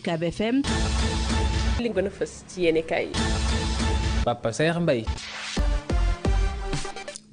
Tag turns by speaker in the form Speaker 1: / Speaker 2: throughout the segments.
Speaker 1: UCAB FM li gën a ci yéen kay Papa Saer Mbaye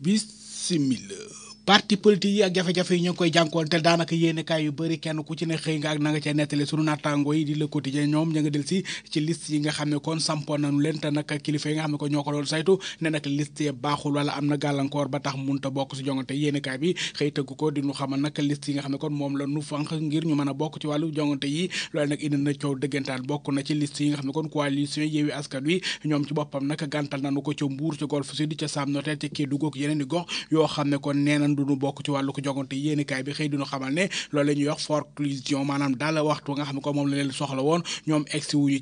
Speaker 1: bis simila parti politique yi ak jafe-jafe yi ñu ngi koy jànkoon te daanaka yéenekaay yu bëri kenn ku ci ne xëy nga ak na nga cee nettali sunu naataango yi di le quotidien ñoom ña nga del si ne kon sampoon nañu leen te kilifa yi nga ne ko ñoo ko doon saytu ne nag liste yi baaxul am na gàllankoor ba tax munta bokk si jongante yéenekaay bi xëy tëgg ko di ñu xamal nag liste nga xam ne kon moom la nu fanq ngir ñu mën a bokk ci wàllu jongante yi loolu nag indi na coow dëggantaan bokk na ci liste nga xam ne kon coalition Yewwi Askan Wi ñoom ci boppam nag gàntal nañu ko ca Mbuur ci Golf Sud ca Sam Notaire ca Kédougou ak yeneen i gox yoo xam ne kon nee nañ ñun duñu bokk ci wàllu ko jongante yéenekaay bi xëy duñu xamal ne loolu la ñuy wax forclusion maanaam daal waxtu nga xam ne ko moom la leen soxla woon ñoom egsi wuñu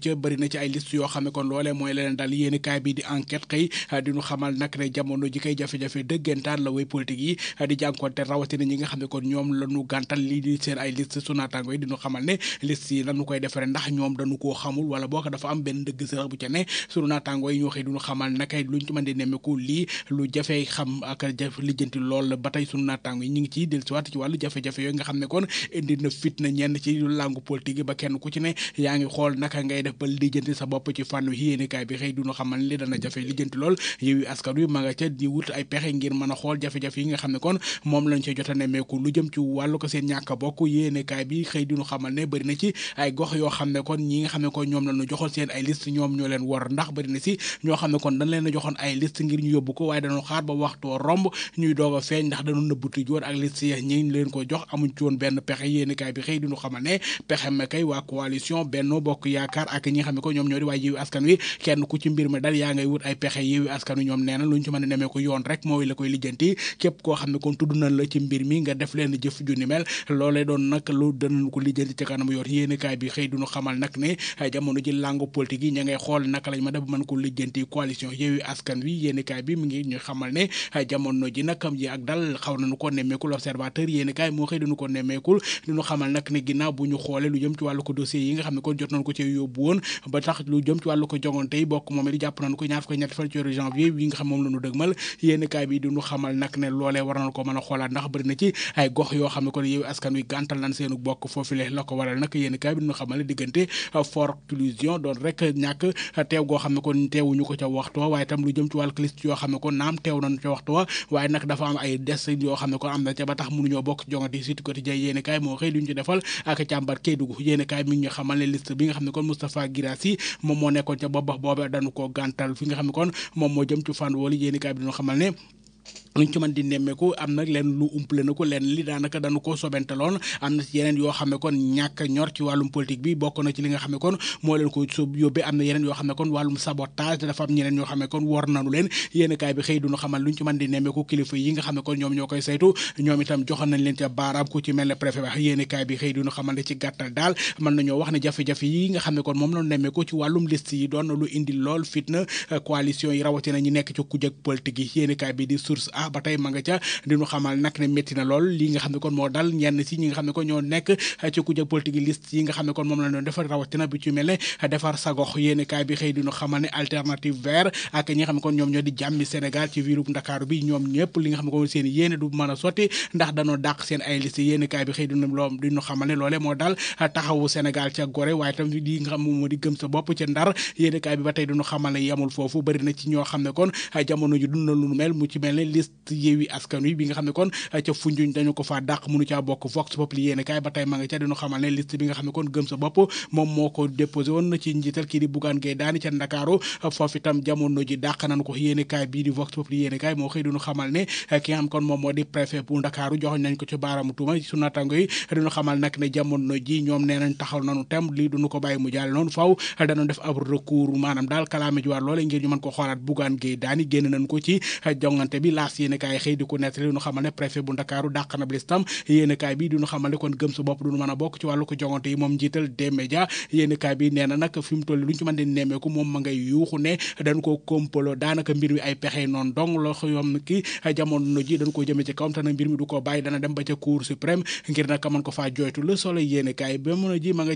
Speaker 1: la leen daal yéenekaay bi di enquête xëy diñu xamal nag ne jamono ji kay jafe-jafe dëggantaan la nga xam ne kon ñoom lañu gàntal lii di seen ay liste su naataango yi diñu xamal ne liste yi lañu koy defaree ndax ñoom dañu koo xamul wala boo ko dafa am benn dëgg sërëx bu ca ne sunu naataango yi ñoo xëy duñu xamal nakay luñ ci mën di nemmeeku lii lu jafee xam ak lijjanti lool ba tey ay sunu naataango yi ñu ngi ciy dellusiwaat ci wàllu jafe-jafe yooyu nga xam ne kon indi na fitna ñenn ci làngu politique yi ba kenn ku ci ne yaa ngi xool naka ngay def ba lijjanti sa bopp ci fànn yi yéenekaay bi xëy du a xool jafe-jafe yi nga xam ne kon moom lañ ci jot a nemmeeku lu jëm ci wàllu ko xëy du ñu xamal ne bëri na ci gox yoo xam ne kon ñi nga xam ne kon ñoom lañu joxoon seen ay liste ñoom ñoo leen war ndax bëri na si ñoo xam ne kon dañ leen a joxoon ay liste ngir ñu yóbbu ko waaye dañoo xaar ba waxtu romb ñuy doog a feeñ ndax dañu nëbbutu ji woon ak liste ya ñi leen ko jox amuñ ci woon benn pexe yéenekaay bi xëy di ñu xamal ne pexe ma kay waa coalition Benno Bokk Yaakaar ak ñi nga xam ne ko ñoom ñoo di waa Yewwi Askan Wi kenn ku ci mbir mi dal yaa ngay wut ay pexe Yewwi Askan Wi ñoom nee na luñ ci mën a nemee ko yoon rek mooy la koy lijjanti képp koo xam ne kon tudd nañ la ci mbir mi nga def leen jëf ju ni mel loolee doon nag lu danañ ko lijjanti ci kanam yoon yéenekaay bi xëy duñu xamal nag ne jamono ji làngu politique yi ña ngay xool naka lañ ma def mën ko lijjanti coalition Yewwi Askan Wi yéenekaay bi mi ngi ñu xamal ne jamono ji nag yi ak dal xaw nañu ko nemmeeku l'observateur yéeni kaay moo xëy dañu ko nemmeekul diñu xamal nag ne ginnaaw bu ñu xoolee lu jëm ci wàllu ko dossier yi nga xam ne kon jot ko ci yóbbu woon a xoolaat ndax bëri na ci yoo xam ne kon yow askan wi ko ca waxtu waaye tam lu jëm ci wàllu liste yoo xam ne kon naam teew nañu ca waxtu waaye nag dafa am ay des yoo xam ne kon am na ca ba tax mënuñoo bokk jongante Sud Quotidien yéen kaay moo xëy lu ñu ci defal ak càmbar Kédougou yéen kaay mi ñu xamal ne liste bi nga xam ne kon Moustapha Guirassy moom moo nekkoon ca boobax boobe dañu koo gàntal fi nga xam ne kon moom moo jëm ci fànn woolu yéen kaay bi dañu xamal ne luñ ci mën di nemmeeku am nag leen lu umpale na ko leen li daanaka dañu ko sobenteloon am na ci yeneen yoo xam ne kon ñàkk ñor ci wàllum politique bi bokk na ci li nga xam ne kon moo leen ko so yóbbee am na ne kon wàllum sabotage dafa am ñeneen ñoo xam ne kon war nanu leen yéen kaay bi xëy duñu ne kon ñoom ñoo koy saytu ñoom itam joxoon nañ leen ca baaraam ku ci mel ne préfet wax yéen kaay bi xëy duñu xamal ne ci gàttal wax ne jafe-jafe yi nga xam ne kon moom lañu nemmeeku ci wàllum liste yi doon na lu indi lool fitna coalition yi rawatina ñi nekk ci kujje politique yi yéen kaay bi di source ah ba tey ma nga ca di ñu xamal nag ne métti na lool lii nga xam ne kon moo dal ñenn si ñi nga xam kon ñoo nekk ci kujje politique liste yi nga xam kon moom la ne di jàmmi Sénégal ci virub Ndakaaru bi ñoom ñëpp li nga xam kon seen yéene du mën a sotti ndax danoo dàq seen ay liste yéeni kaay bi xëy di xamal ne loolee moo dal taxawu Sénégal ca Gorée waaye tam li nga xam moom di gëm sa bopp ca Ndar yéeni kaay bi ba tey di xamal ne yamul foofu liste Yewwi Askan Wi bi nga xam ne kon eh, ca Foundiougne dañu ko faa dàq mënu caa bokk Vox Populi yéene kaay ba tey ma nga ca dinu xamal ne liste bi nga xam kon gëm sa bopp moom moo ko déposé woon ci njiital kii di Bougane Gueye Dany Ndakaaru eh, foofu itam jamono ji dàq ko yéene kaay bii di Vox Populi yéene kaay moo xëy dinu xamal ne eh, ki nga xam kon moom moo di préfet bu Ndakaaru joxoñ nañ ko ne jamono ñoom nee nañ taxaw tem lii duñu ko bàyyi mu jàll faw danoon def ab recours maanaam daal kalaame ji loole ngir ñu mën ko xoolaat Bougane Gueye Dany génn nañ yéen a kaay xëy di ko nettali a bi di ñu xamal ne kon a njiital des médias yéen a kaay bi nee na nag toll daanaka mbir mi ay pexe noonu dong la xëyoon ki jamono ji dañ ko a a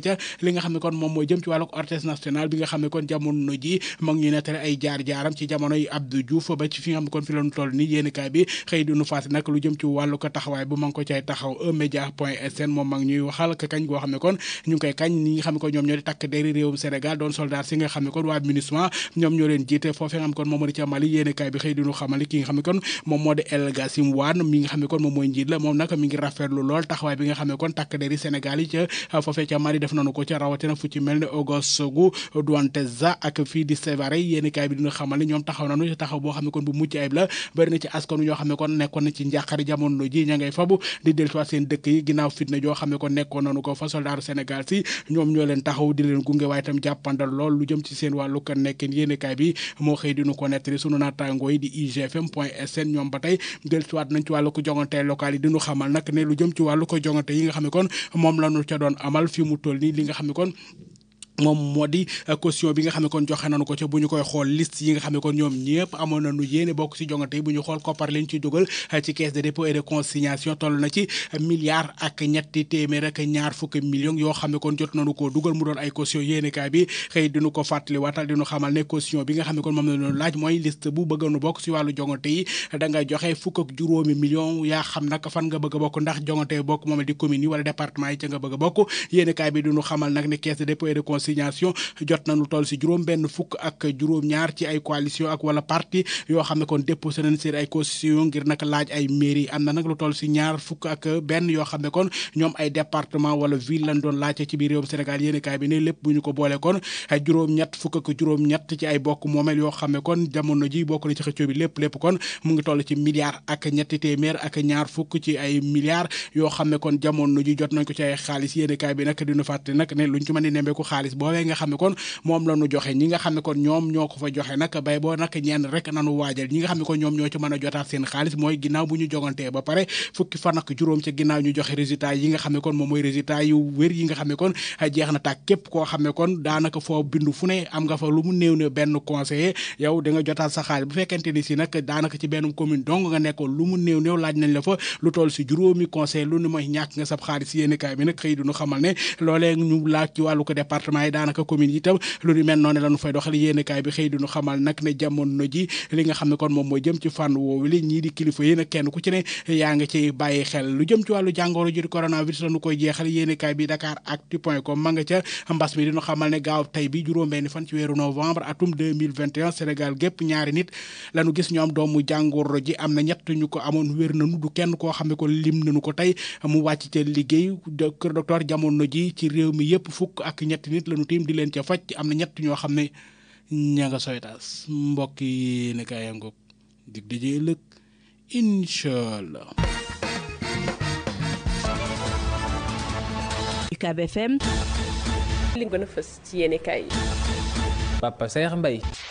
Speaker 1: kon moom mooy jëm ci wàllu orchestre national bi nga xam kon jamono ji ma ñu nettali ay jaar jaaram ci jamono yi Abdou Diouf ba ci fi nga xam kon fi lañu toll nii yéen yéenekaay bi xëy di nu faasi nag lu jëm ci wàllu ko taxawaay bu ma ngi ko cay taxaw eMédia point sn moom mag ñuy waxal ka kañ goo xam ne kon ñu ngi koy kañ ñi nga xam ne kon ñoom ñoo di takk deri réewum Sénégal doon soldat si nga xam ne kon waa MINUSMA ñoom ñoo leen jiite foofee nga xam ne kon moom moo di ca Mali yéenekaay bi xëy di nu xamal ki nga xam ne kon moom moo di El Gassim Wane mi nga xam ne kon moom mooy njiit la moom nag mi ngi rafetlu lool taxawaay bi nga xam ne kon takk deri Sénégal yi ca uh, foofee ca Mali def nañu ko ca rawatina fu ci mel ne Ouagadougou Douentza ak fii di Sévaré yéenekaay bi dina xamal ne ñoom taxaw nañu taxaw boo xam ne kon bu mucc ayib la bari na ci kon ñoo xam ne kon nekkoon na ci njàqari jamono ji ña ngay fabu di dellusiwaat seen dëkk yi ginnaaw fitna joo xam ne kon nekkoon nañu ko fa soldaaru Sénégal si ñoom ñoo leen taxaw di leen gunge waaye tam jàppandal lool lu jëm ci seen wàllu kan nekkin yéenekaay bi moo xëy nu ko nettali sunu naataangoo yi di IGFM point sn ñoom ba tey dellusiwaat nañ ci wàllu ko jongante local yi di nu xamal nag ne lu jëm ci wàllu ko jongante yi nga xam ne kon moom la ñu ca doon amal fi mu toll nii li nga xam ne kon moom moo di euh, caution bi nga xam ne kon joxe nañu ko ca bu ñu koy xool liste yi nga xam ne kon ñoom ñëpp amoon nañu yéene bokk ci jongante yi bu ñu xool koppar lañ ci dugal euh, ci caisse de dépôt et de consignation toll na ci euh, milliards ak ñetti téeméer ak ñaar fukki millions yoo xam ne kon jot nañu koo dugal mu doon ay caution yéenekaay bi xëy diñu ko fàttaliwaatal diñu xamal ne caution bi nga xam ne kon moom la doon laaj mooy liste bu bëgg nu bokk ci wàllu signation jot nañu toll si juróom benn fukk ak juróom-ñaar ci ay coalition ak wala parti yoo xam ne kon déposé nañ seen ay constitution ngir nag laaj na nag lu si ñaar fukk ak benn yoo xam ne kon ñoom ay département wala ville lañ doon laajte ci biir réewum Sénégal yéen kaay bi ne lépp bu ñu ko boole kon ay juróom-ñett fukk ak juróom-ñett ci ay bokk moomeel yoo xam ne kon jamono ji bokk na ci xëccoo bi lépp lépp kon mu ngi toll ci milliards ak ñetti téeméer ak ñaar fukk ci ay milliards yoo xam ne kon jamono ji jot nañ ko ci ay xaalis yéen kaay bi nag dina fàtte nag ne luñ ci mën nembeeku xaalis boobee nga xam ne kon moom la nu joxe ne kon ñoom ñoo ko fa joxe nag bay boo nag ñeen rek nanu waajal nga xam kon ñoo ci mën a jotaat seen xaalis mooy ginnaaw bu ñu jogantee ba pare fukki fan ak juróom ca ginnaaw xam ne kon moom mooy résultat yu wér yi jeex na tàkk képp koo xam ne kon daanaka foo bindu fu ne am nga fa lu mu néew ne benn conseiller yow da ni si nag daanaka ci benn commune dong nga nekkoon lu mu néew néew laaj nañ la fa lu toll si juróomi conseil lu nu may ñàkk nga sab xaalis yéeni kaay bi nag xëy du ñu xamal ne loolee ñu laaj ci ko département waaye daanaka commune yi itam lu ñu mel noonu la ñu fay doxal yéenekaay bi xëy di ñu xamal nag ne jamono ji li nga xam kon moom mooy jëm ci fànn woowu li ñii di kilifa yi nag kenn ku ci ne yaa nga ciy bàyyi xel lu jëm ci wàllu jàngoro ji di coronavirus la ñu koy jeexal yéenekaay bi Dakaractu point com ma nga ca mbas mi di ñu xamal ne gaaw tey bi juróom-benn fan ci weeru novembre atum 2021 Sénégal gépp ñaari nit la ñu gis ñoom doomu jàngoro ji am na ñett ñu ko amoon wér nañu du kenn koo xam ne ko lim nañu ko tey mu wàcc ca liggéey docteur jamono ji ci réew mi yëpp fukk ak ñetti nit doon tiim di leen ca faj am na ñett ñoo xam ne ña nga soytaas mbokk yi ne kaay ngoog dig daje ëllëg incha allah. UCAB li gën a ci yéen kaay yi. Papa Saer Mbaye.